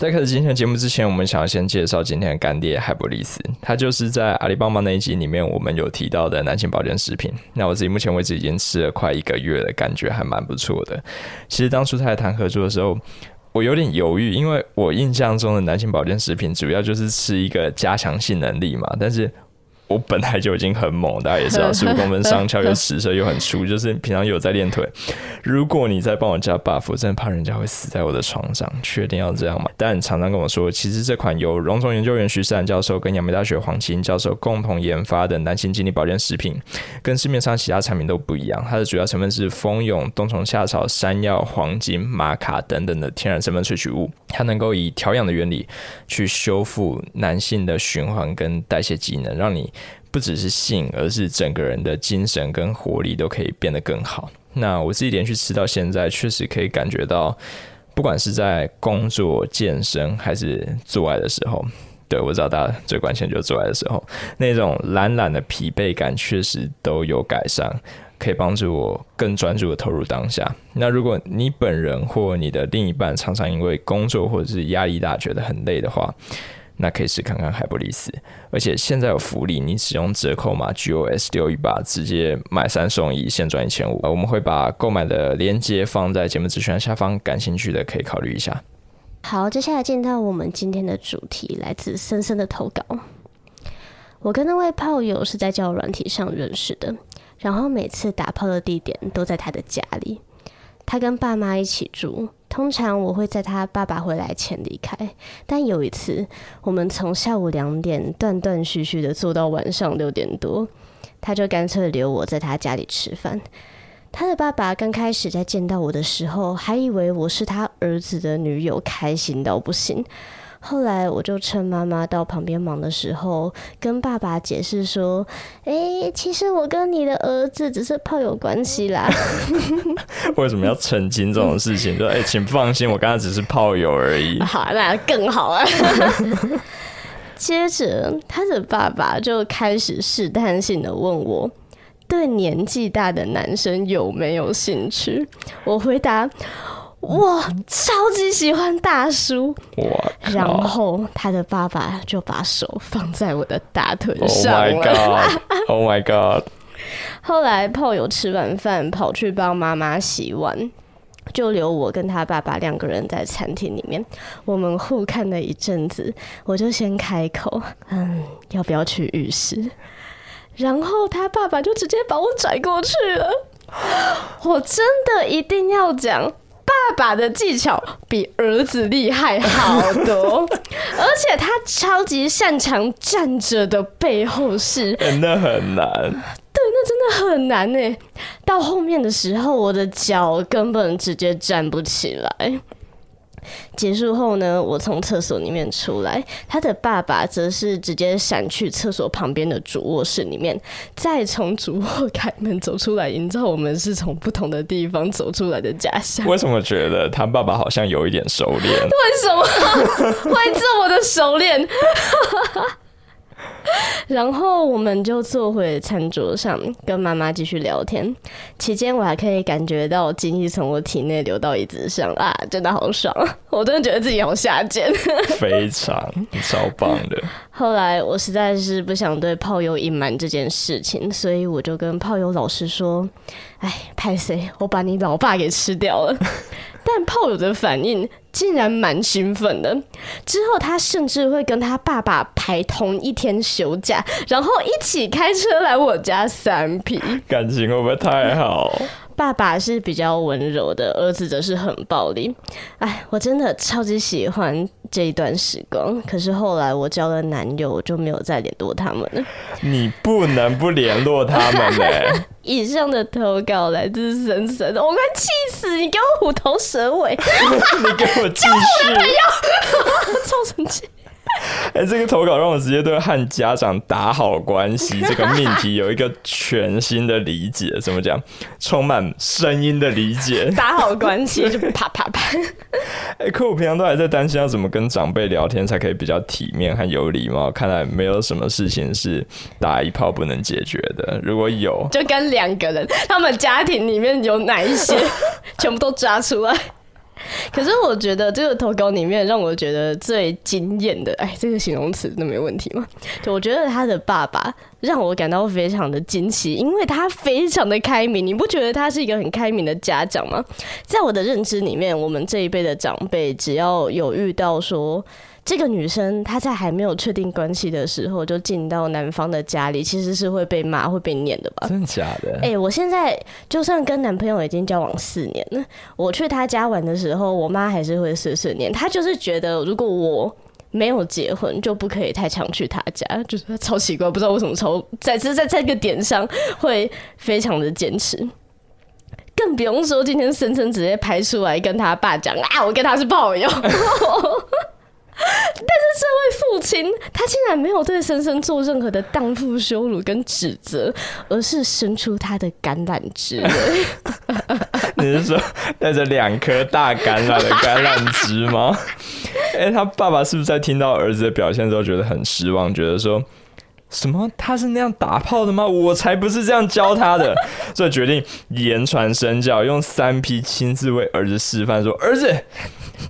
在開始今天的節目之前，我們想要先介紹今天的乾爹海博力斯，他就是在阿里棒棒那一集裡面我們有提到的男性保健食品。那我自己目前為止已經吃了快一個月了，感覺還蠻不錯的。其實當初他在談合作的時候，我有點猶豫，因為我印象中的男性保健食品主要就是吃一個加強性能力嘛，但是。我本來就已經很猛，大家也知道，十五公分上翹又直射又很粗， 就是平常有在練腿。如果你再幫我加 buff，真的怕人家會死在我的床上，確定要這樣嗎？但廠商跟我說，其實這款由榮總研究員徐士蘭教授跟陽明大學黃奇英教授共同研發的男性精力保健食品，跟市面上其他產品都不一樣。它的主要成分是蜂蛹、冬蟲夏草、山藥、黃精、瑪卡等等的天然成分萃取物，它能夠以調養的原理去修復男性的循環跟代謝機能，讓你不只是性，而是整個人的精神跟活力都可以變得更好。那我自己連續吃到現在，確實可以感覺到，不管是在工作、健身還是做愛的時候，對，我知道大家最關心的就是做愛的時候，那種懶懶的疲憊感確實都有改善，可以幫助我更專注的投入當下。那如果你本人或你的另一半常常因為工作或者是壓力大覺得很累的話，那可以試看看海博力斯，而且現在有福利，你使用折扣碼 GOS 六一八，18，直接買三送一，現賺一千五。我們會把購買的鏈接放在節目資訊下方，感興趣的可以考慮一下。好，接下來進到我們今天的主題，來自森森的投稿。我跟那位炮友是在交友軟體上認識的，然後每次打炮的地點都在他的家裡，他跟爸媽一起住。通常我會在他爸爸回來前離開，但有一次，我們從下午兩點斷斷續續的坐到晚上六點多，他就乾脆留我在他家裡吃飯。他的爸爸剛開始在見到我的時候，還以為我是他兒子的女友，開心到不行。後來我就趁媽媽到旁邊忙的時候，跟爸爸解釋說：“哎、欸，其實我跟你的兒子只是炮友關係啦。 ” 為什麼要澄清這種事情？說：‘哎、欸，請放心，我剛才只是炮友而已。 啊、好、啊，那更好啊。 接着，他的爸爸就開始試探性的問我：“對年紀大的男生有沒有興趣？”我回答。我超級喜歡大叔，然後他的爸爸就把手放在我的大腿上。Oh my god！Oh my god！後來炮友吃完飯跑去幫媽媽洗碗，就留我跟他爸爸兩個人在餐廳裡面。我們互看了一陣子，我就先開口：“嗯，要不要去浴室？”然後他爸爸就直接把我拽過去了。我真的一定要講。爸爸的技巧比兒子厲害好多， 而且他超級擅長站着的背後式，真的、欸、很難。對，那真的很難呢。到後面的時候，我的腳根本直接站不起來。結束後呢，我從廁所裡面出來，他的爸爸則是直接閃去廁所旁邊的主臥室裡面，再從主臥開門走出來，營造我們是從不同的地方走出來的假象。為什麼覺得他爸爸好像有一點熟練？ 為什麼會 這麼的熟練？ 然後我們就坐回餐桌上，跟媽媽繼續聊天。期間我還可以感覺到精液從我體內流到椅子上，啊，真的好爽、啊！我真的覺得自己好下賤，非常超棒的。後來我實在是不想對炮友隱瞞這件事情，所以我就跟炮友老實說：“哎，派誰？我把你老爸給吃掉了。”但炮友的反應，竟然蠻興奮的。之後他甚至會跟他爸爸排同一天休假，然後一起開車來我家三 P，感情會不會太好？ 爸爸是比較溫柔的，兒子則是很暴力。哎，我真的超級喜歡。這一段時光，可是後來我交了男友，我就沒有再聯絡他們了。你不能不聯絡他們呢、欸？ 以上的投稿來自森森的，我快氣死！你給我虎頭蛇尾， 你給我繼續 哎、欸，這個投稿讓我直接對和家長打好關係這個命題有一個全新的理解。 怎麼講？充滿聲音的理解。打好關係就啪啪啪。哎、欸，可我平常都還在擔心要怎麼跟長輩聊天才可以比較體面和有禮貌。看來沒有什麼事情是打一炮不能解決的。如果有，就跟兩個人他們家庭裡面有哪一些， 全部都抓出來。可是我覺得這個投稿裡面讓我覺得最驚豔的，哎，這個形容詞都沒問題嗎？就我覺得他的爸爸讓我感到非常的驚奇，因為他非常的開明，你不覺得他是一個很開明的家長嗎？在我的認知裡面，我們這一輩的長輩，只要有遇到說，這個女生她在還沒有確定關係的時候就進到男方的家裡，其實是會被罵、會被念的吧？真的假的？哎、欸，我現在就算跟男朋友已經交往四年了，我去他家玩的時候，我媽還是會碎碎念。她就是覺得如果我沒有結婚，就不可以太常去他家，就是超奇怪，不知道為什麼超在，是在這個點上會非常的堅持。更不用說今天森森直接拍出來跟他爸講啊，我跟他是炮友。 但是這位父親，他竟然沒有對森森做任何的蕩婦羞辱跟指責，而是伸出他的橄欖枝。 你是說帶着兩顆大橄欖的橄欖枝嗎、？ 欸，他爸爸是不是在聽到兒子的表現之後覺得很失望，覺得說什麼他是那樣打炮的嗎？我才不是這樣教他的，所以決定言傳身教，用三 P 親自為兒子示範，說兒子，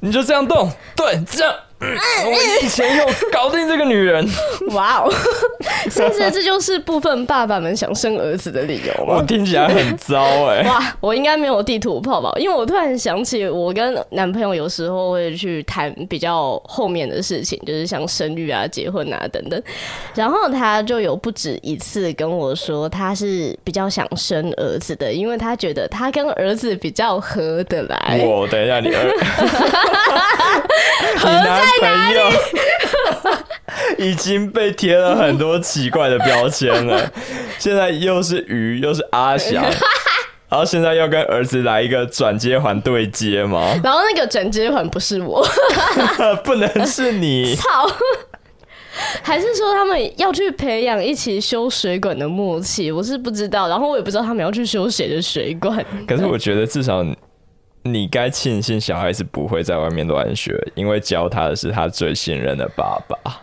你就這樣動，對，這樣。欸欸、我以前有搞定這個女人，哇哦！甚至這就是部分爸爸們想生兒子的理由嗎？我聽起來很糟哎、欸。哇，我應該沒有地圖泡泡，因為我突然想起，我跟男朋友有時候會去談比較後面的事情，就是像生育啊、結婚啊等等。然後他就有不止一次跟我說，他是比較想生兒子的，因為他覺得他跟兒子比較合得來。我等一下，你兒子， 你男朋友 已經被貼了很多奇怪的標籤了，現在又是魚，又是阿翔， 然後現在要跟兒子來一個轉接環對接嗎？然後那個轉接環不是我， 不能是你，操！還是說他們要去培養一起修水管的默契？我是不知道，然後我也不知道他們要去修誰的水管。可是我覺得至少。你該慶幸小孩子不會在外面亂學，因為教他的是他最信任的爸爸。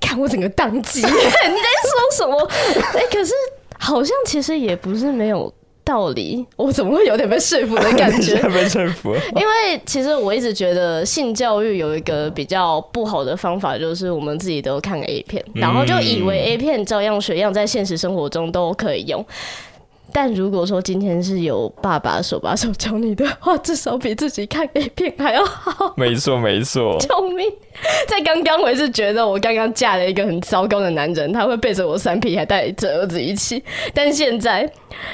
看我整個當機， 你在說什麼？哎、 欸，可是好像其實也不是沒有道理。我怎麼會有點被說服的感覺？ 被說服。因為其實我一直覺得性教育有一個比較不好的方法，就是我們自己都看 A 片，然後就以為 A 片照樣學樣，在現實生活中都可以用。但如果說今天是有爸爸手把手教你的話，至少比自己看 A 片還要好沒。沒錯，沒錯。救命！在剛剛我是覺得我剛剛嫁了一個很糟糕的男人，他會背着我三 P，還帶着兒子一起。但現在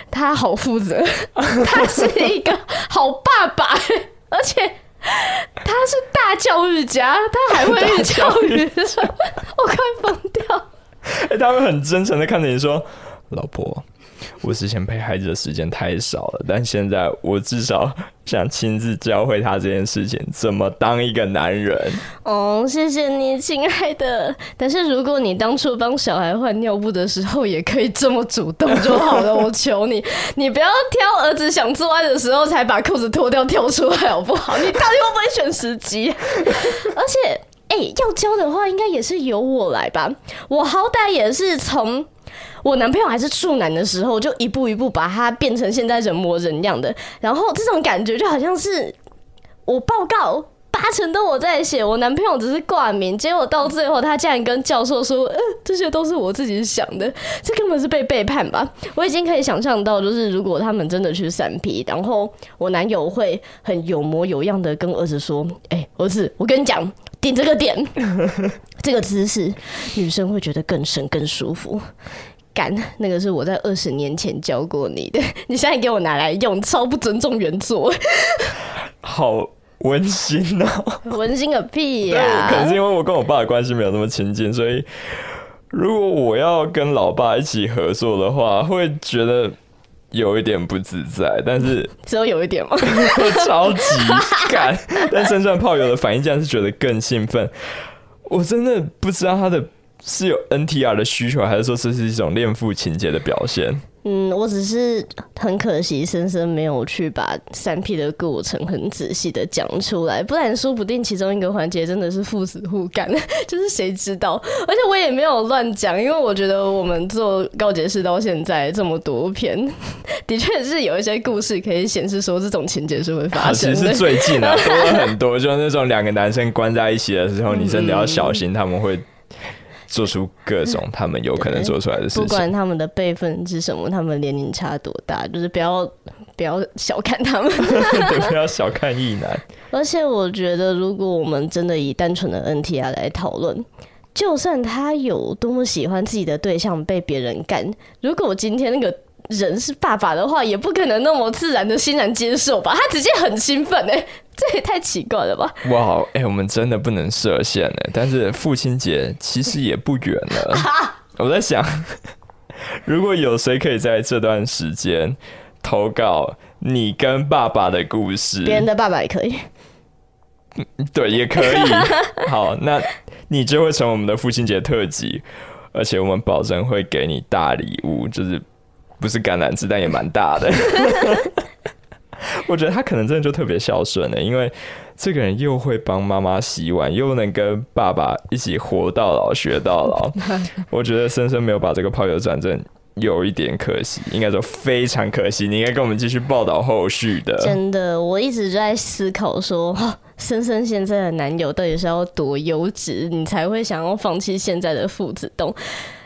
他好負責，他是一個好爸爸， 而且他是大教育家，他還會教育。教育 我快瘋掉！哎、欸，他會很真誠的看着你說：“老婆。”我之前陪孩子的時間太少了，但現在我至少想親自教會他這件事情，怎麼當一個男人。哦，謝謝你，親愛的。但是如果你當初幫小孩換尿布的時候，也可以這麼主動就好了。 我求你，你不要挑兒子想做愛的時候才把褲子脫掉跳出來，好不好？你到底會不會選時機？ 而且，哎、欸，要教的話，應該也是由我來吧。我好歹也是從。我男朋友還是處男的時候，就一步一步把他變成現在人模人樣的，然後這種感覺就好像是我報告八成都我在寫，我男朋友只是掛名。結果到最後，他竟然跟教授說：“嗯、呃，這些都是我自己想的。”這根本是被背叛吧？我已經可以想象到，就是如果他們真的去散批，然後我男友會很有模有樣的跟兒子說：“哎、欸，兒子，我跟你講。”點這個點，這個姿勢，女生會覺得更深更舒服。幹，那個是我在二十年前教過你的，你現在給我拿來用，超不尊重原作。好溫馨哦、喔，溫馨個屁呀、啊！可能是因為我跟我爸的關係沒有那麼親近，所以如果我要跟老爸一起合作的話，會覺得，有一點不自在，但是只有有一點嗎？ 超級幹， 但身上炮友的反應竟然是覺得更興奮，我真的不知道他的是有 NTR 的需求，還是說這是一種戀父情結的表現。嗯，我只是很可惜，森森沒有去把三 P 的過程很仔細的講出來，不然說不定其中一個環節真的是父子互幹，就是誰知道。而且我也沒有亂講，因為我覺得我們做告解室到現在這麼多篇，的確是有一些故事可以顯示說這種情節是會發生。其實最近啊，多了很多， 就是那種兩個男生關在一起的時候，你真的要小心他們會。做出各種他們有可能做出來的事情，不管他們的輩分是什麼，他們年齡差多大，就是不要不要小看他們， 對，不要小看異男。而且我覺得，如果我們真的以單純的 NTR 來討論，就算他有多麼喜歡自己的對象被別人幹，如果今天那個人是爸爸的話，也不可能那麼自然的欣然接受吧？他直接很興奮哎、欸。這也太奇怪了吧！哇，哎，我們真的不能設限呢？但是父親節其實也不遠了， 我在想，如果有誰可以在這段時間投稿你跟爸爸的故事，別人的爸爸也可以、嗯，對，也可以。好，那你就會成為我們的父親節特輯，而且我們保證會給你大禮物，就是不是橄欖枝，但也蠻大的。 我覺得他可能真的就特別孝順了、欸，因為這個人又會幫媽媽洗碗，又能跟爸爸一起活到老學到老。 我覺得森森沒有把這個炮友轉正有一點可惜，應該說非常可惜。你應該跟我們繼續報道後續的。真的，我一直就在思考說，森森現在的男友到底是要多優質，你才會想要放棄現在的父子丼？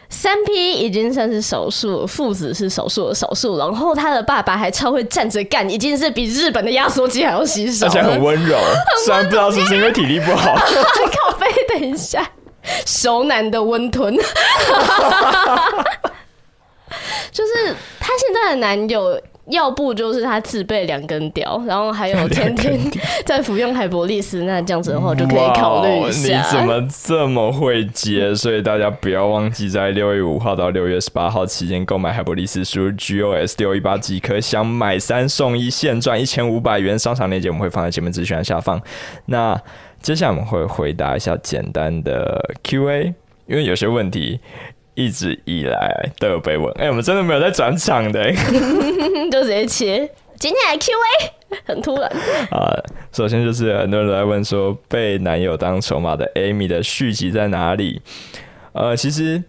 三 P 已經算是少數，父子是少數，少數。然後他的爸爸還超會站着幹，已經是比日本的壓縮機還要稀少。而且很溫柔，雖然不知道是不是因為體力不好。靠背， 等一下，熟男的溫吞。 就是他現在的男友。要不就是他自備兩根屌，然後還有天天在服用海博力斯，那這樣子的話就可以考慮一下。你怎麼這麼會接？所以大家不要忘記在六月五號到六月十八號期間購買海博力斯，輸入 GOS 六一八即可享買三送一，現賺一千五百元。商場鏈接我們會放在節目資訊的下方。那接下來我們會回答一下簡單的 Q&A，因為有些問題。一直以來都有被問，哎、欸，我們真的沒有在轉場的、欸， 就是接切。今天 Q&A 很突然、呃。首先就是很多人都在問說，被男友當籌碼的 Amy 的續集在哪裡？呃，其實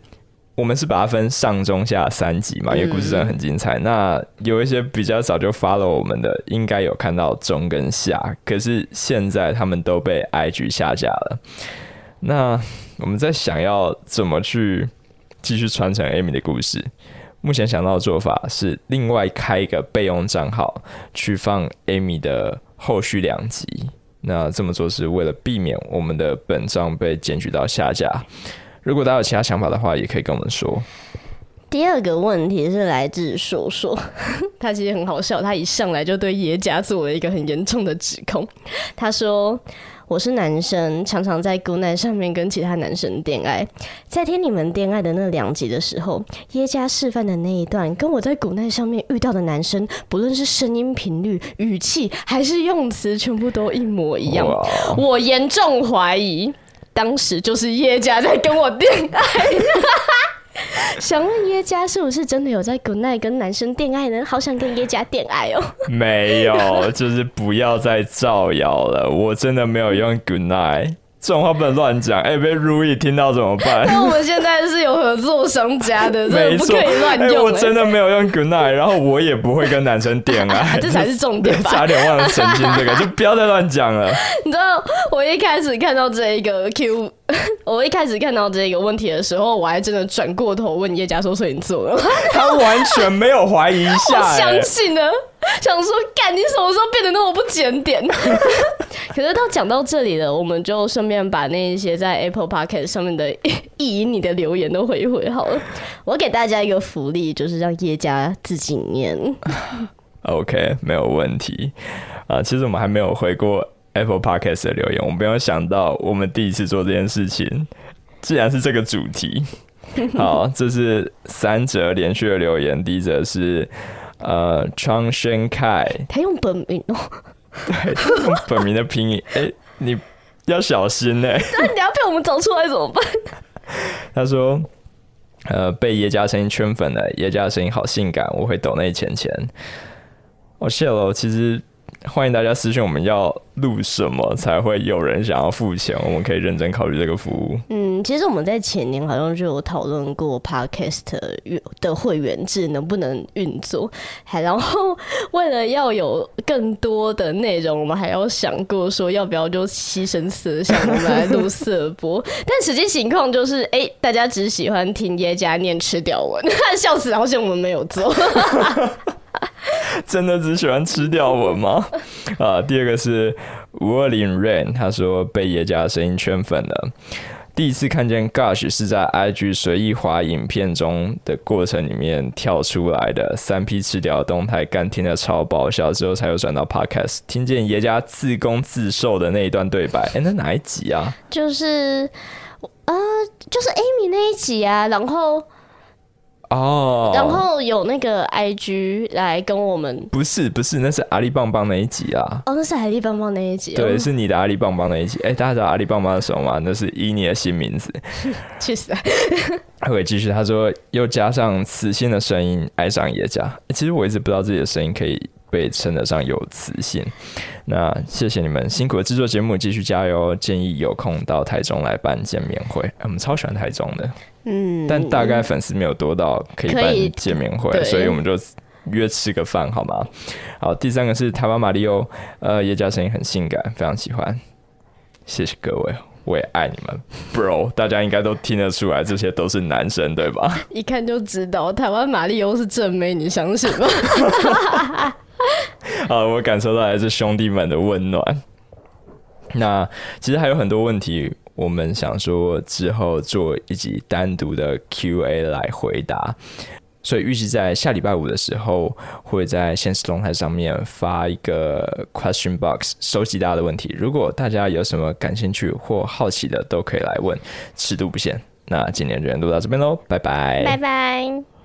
我們是把它分上中下三集嘛，因為故事真的很精彩。嗯、那有一些比較早就 follow 我們的，應該有看到中跟下，可是現在他們都被 IG 下架了。那我們在想要怎麼去？繼續傳承 Amy 的故事。目前想到的做法是另外開一個備用賬號去放 Amy 的後續兩集。那這麼做是為了避免我們的本賬被檢舉到下架。如果大家有其他想法的話，也可以跟我們說。第二個問題是來自碩碩， 他其實很好笑，他一上來就對爺家做了一個很嚴重的指控。他說。我是男生，常常在谷奈上面跟其他男生電愛。在聽你們電愛的那兩集的時候，耶加示範的那一段，跟我在古奈上面遇到的男生，不論是聲音頻率、語氣還是用詞，全部都一模一樣。我嚴重懷疑，當時就是耶加在跟我電愛。 想問葉家是不是真的有在 good night 跟男生戀愛呢？好想跟葉家戀愛哦、喔。沒有，就是不要再造謠了。我真的沒有用 good night，這種話不能亂講。哎、欸，被 Rui 聽到怎麼辦？那我們現在是有合作商家的， 沒錯的不可以亂用、欸欸。我真的沒有用 good night，然後我也不會跟男生戀愛、 啊，這才是重點。差點忘了澄清這個，就不要再亂講了。 你知道我一開始看到這一個 Q。我一開始看到這個問題的時候，我還真的轉過頭問葉家說：“所以你做了？”他完全沒有懷疑，一下相信呢，欸、想說：“幹你什麼時候變得那麼不檢點？” 可是到講到這裡了，我們就順便把那一些在 Apple Podcast 上面的意淫你的留言都回一回好了。我給大家一個福利，就是讓葉家自己念。OK，沒有問題、啊。其實我們還沒有回過。Apple Podcast 的留言，我沒有想到我們第一次做這件事情，竟然是這個主題，好，這是三則連續的留言。第一則是呃，c h o n Xian 張軒凱，Kai, 他用本名哦，對，用本名的拼音，哎、欸，你要小心呢、欸，那你要被我們找出來怎麼辦？他說，呃，被耶嘉聲音圈粉了、欸，耶嘉聲音好性感，我會抖那一錢錢。我、哦、謝了，其實。歡迎大家私信，我們要錄什麼才會有人想要付錢？我們可以認真考慮這個服務。嗯，其實我們在前年好像就有討論過 podcast 的會員制能不能運作，還然後為了要有更多的內容，我們還要想過說要不要就犧牲色相，我們來錄色播。 但實際情況就是，哎、欸，大家只喜歡聽耶加念吃掉文，你笑死，好像我們沒有做。 真的只喜歡吃掉我嗎？啊，第二個是五二零 Rain，他說被爺家聲音圈粉了。第一次看見 Gosh 是在 IG 隨意滑影片中的過程裡面跳出來的三 P 吃掉動態，剛聽了超爆笑之後，才有轉到 Podcast，聽見爺家自攻自受的那一段對白。哎、欸，那哪一集啊？就是，呃、就是 Amy 那一集啊，然後。哦，然後有那個 IG 來跟我們，不是不是，那是阿里棒棒那一集啊。哦，那是阿里棒棒那一集。對，是你的阿里棒棒那一集。哎、嗯，大家知道阿里棒棒是什麼嗎？那是以你的新名字。確實 死了，他會繼續。他說又加上磁性的聲音，愛上葉家。其實我一直不知道自己的聲音可以。被稱得上有磁性，那謝謝你們辛苦的制作節目，繼續加油！建議有空到台中來辦見面會，欸、我們超喜歡台中的，嗯，但大概粉絲沒有多到可以辦見面會，可以所以我們就約吃個飯好嗎？對好，第三個是台灣馬里奧，呃，葉家聲音很性感，非常喜歡，謝謝各位，我也愛你們，bro，大家應該都聽得出來，這些都是男生對吧？一看就知道，台灣馬里奧是正妹，你相信嗎？ 啊， 我感受到來自兄弟們的溫暖。那其實還有很多問題，我們想說之後做一集單獨的 Q&A 來回答。所以預計在下禮拜五的時候，會在限時動態上面發一個 Question Box，收集大家的問題。如果大家有什麼感興趣或好奇的，都可以來問，尺度不限。那今天就錄到這邊嘍，拜拜，拜拜。